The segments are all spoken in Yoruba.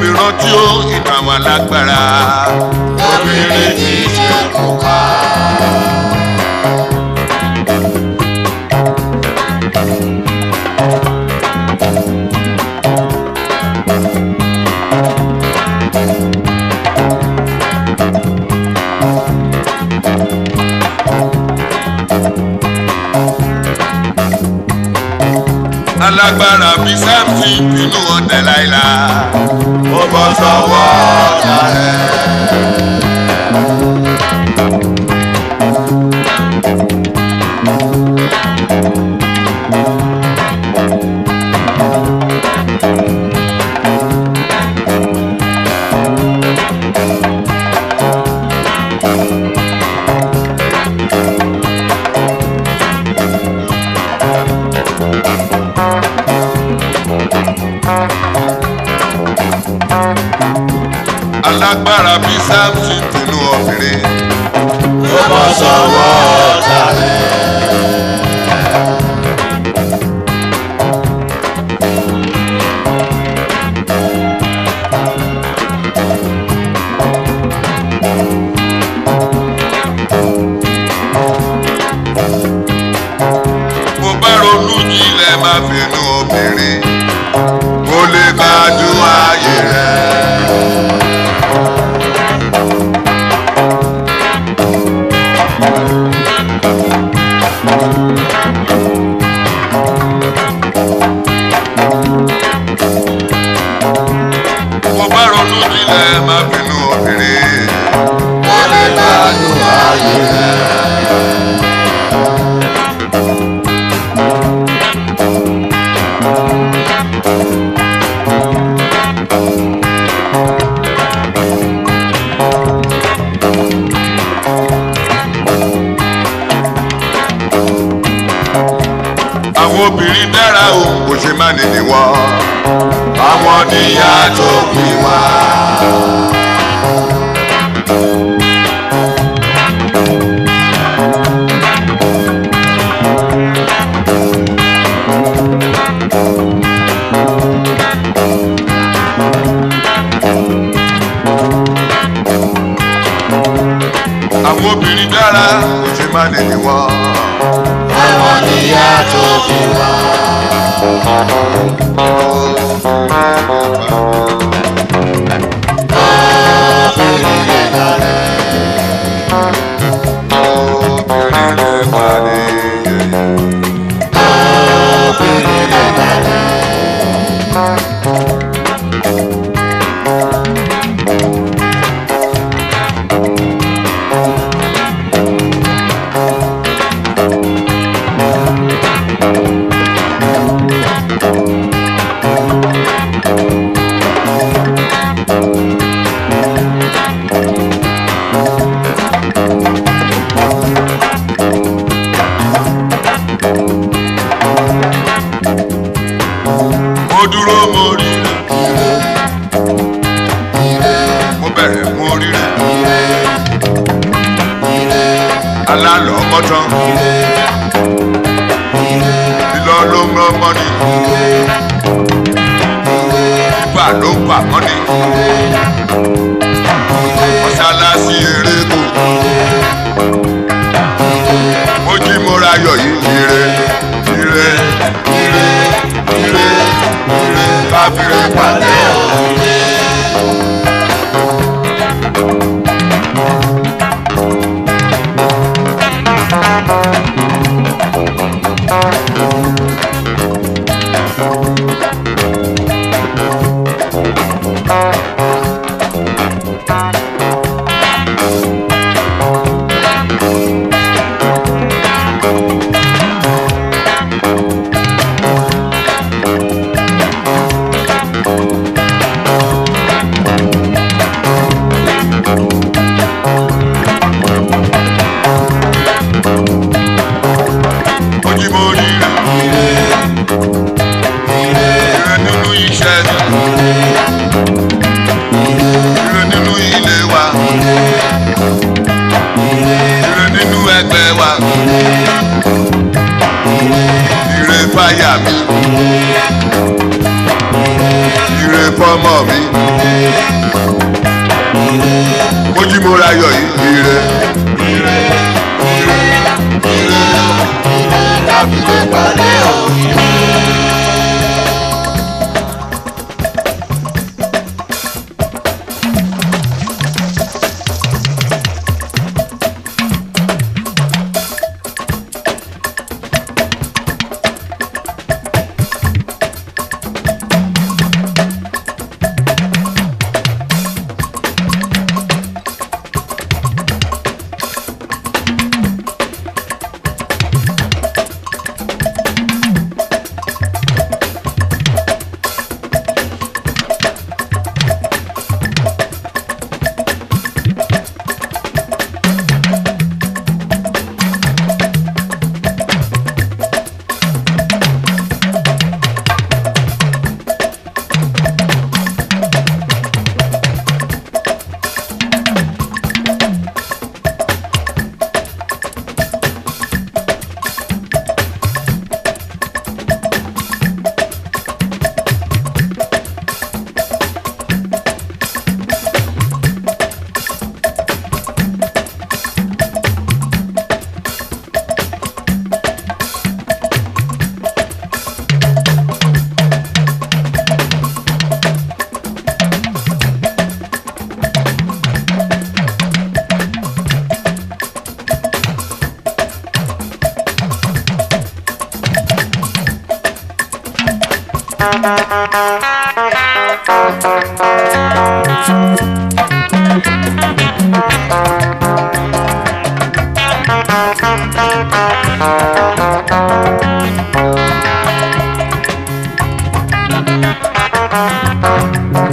mi rántí ó ìgbà wọn lágbára. obìnrin kì í ṣe òkúpa. alágbára bí sáfì inú ọ̀dẹ̀ láìláà. bọ́sọ̀wọ́ ọ̀tá ẹ̀. Thank you. dúró mo rí rẹ̀ mo bẹ̀rẹ̀ mo rí rẹ̀ alálọ̀ ọkọ tán lílọ ló ń rán mọ́ni gbà ló ń pa mọ́ni.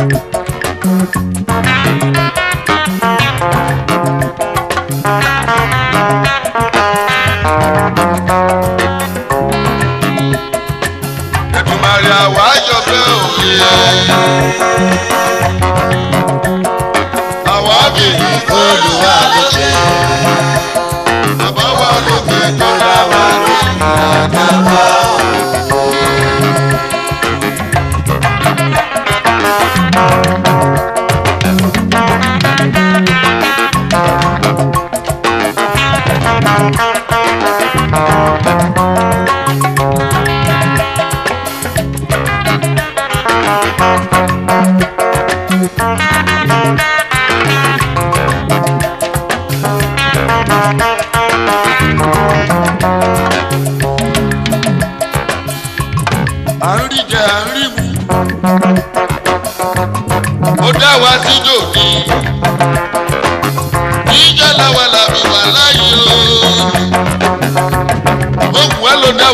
Thank you.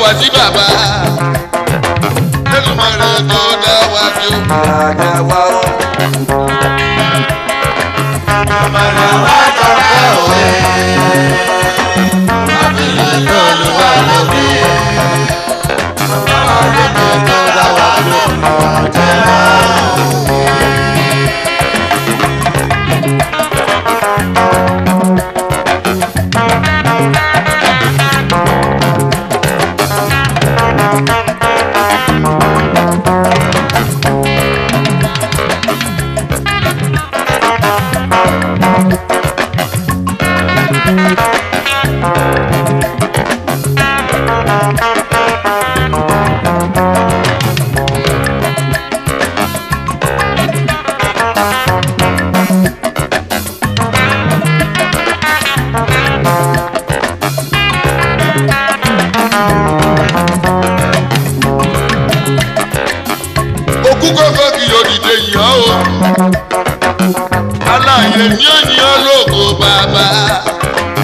wá sí bàbá. Ẹnu máa ra tó dá wá Àgàwá. ààyè ní òní ológo bàbá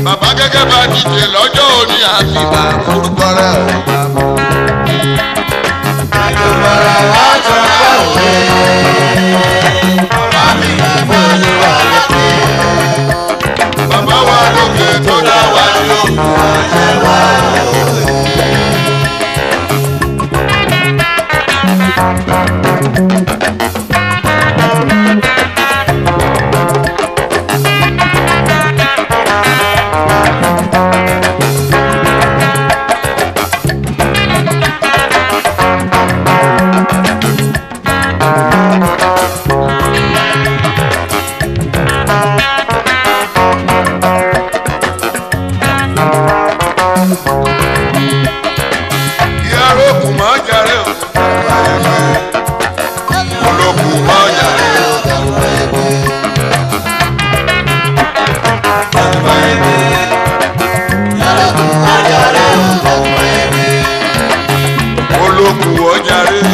bàbá gẹ́gẹ́ bá dìde lọ́jọ́ òní àfi bá forúkọ rẹ̀ ò bàbá. àjọ̀bọ̀rọ̀ wá jọ bá òwe bá mi bá lọ. jàre.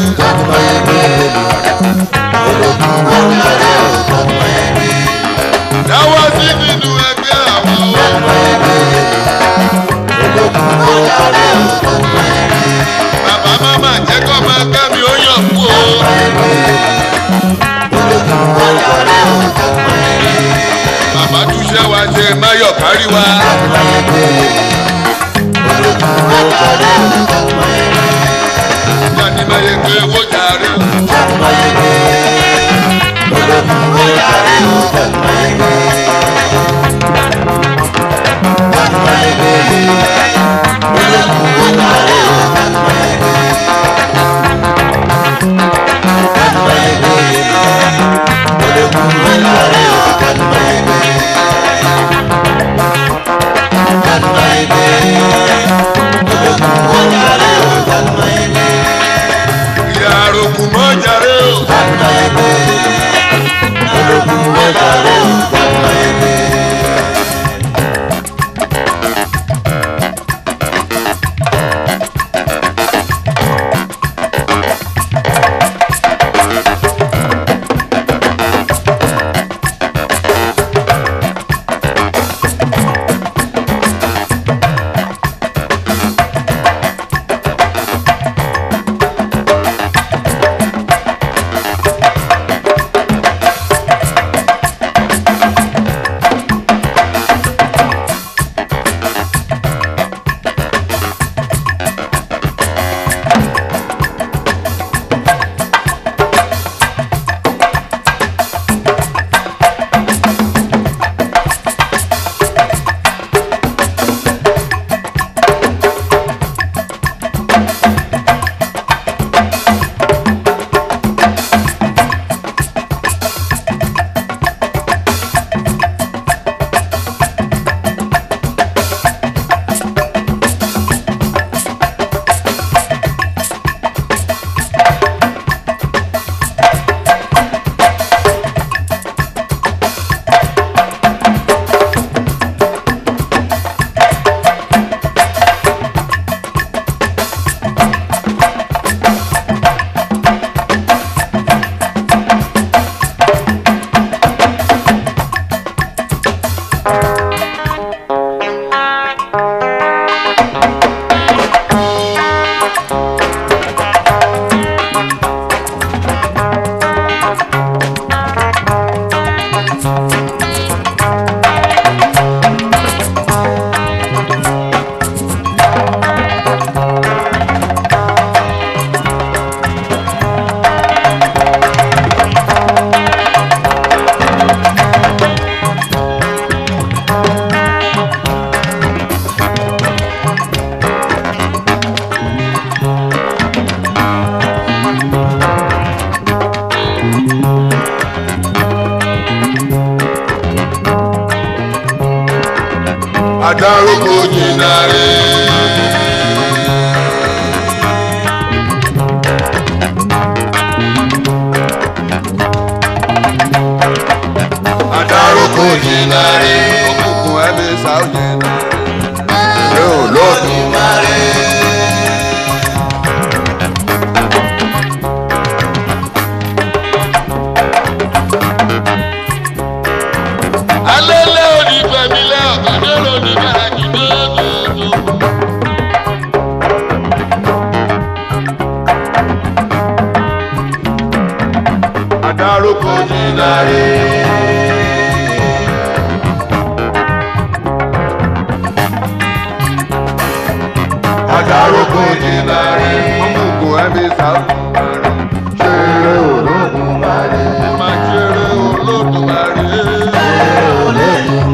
àdáròkò ní láàrin mọ́mùkù ẹbí sáfù mẹ́rin ṣeré ológun mẹ́rin ẹ máa ṣeré ológun mẹ́rin ṣeré ológun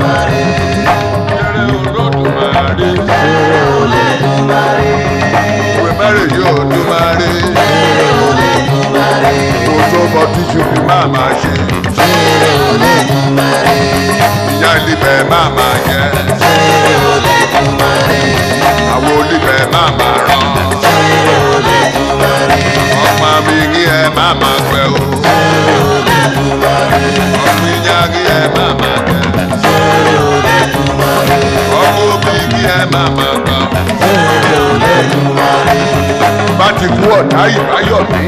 mẹ́rin ṣeré ológun mẹ́rin ṣeré ológun mare. Mo tó bọ tíṣù ni máa máa ṣe. Ṣeré Olódùmarè. Ìyá Olíbẹ̀ máa máa jẹ. Ṣeré Olódùmarè. Àwọn Olíbẹ̀ máa máa rán. Ṣeré Olódùmarè. Ọmọ mi ní ẹ máa máa pẹ o. Ṣeré Olódùmarè. Ọmọ ìyá ní ẹ máa máa jẹ. Ṣeré Olódùmarè. Ọmọ òbí ní ẹ máa máa gbà. Ṣeré Olódùmarè bá ti kú ọ̀tá ìbáyọ̀mí.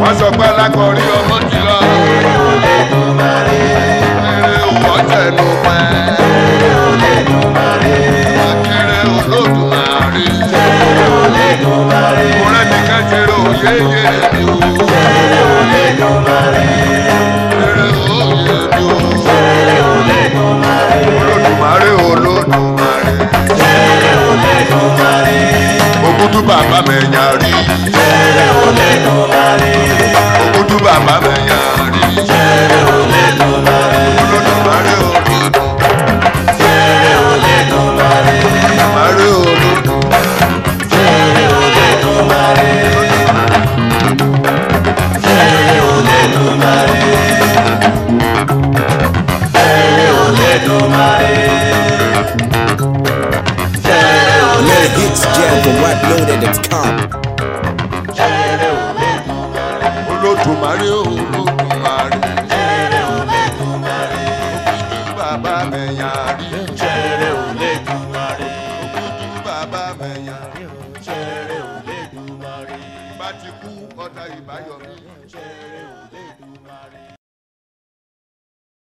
wọ́n sọ pé alákọ̀ọ́rí ọmọ ti lọ. eré òwò tẹnu pẹ́. akéré olódùmarè. mo rẹ́ mi ká jẹ́rọ òye yé mi o. bàbá mẹ́yà rí. Jẹ́rẹ̀ ó lè lò láre. Ojú bàbá mẹ́yà rí. o le lè lò láre.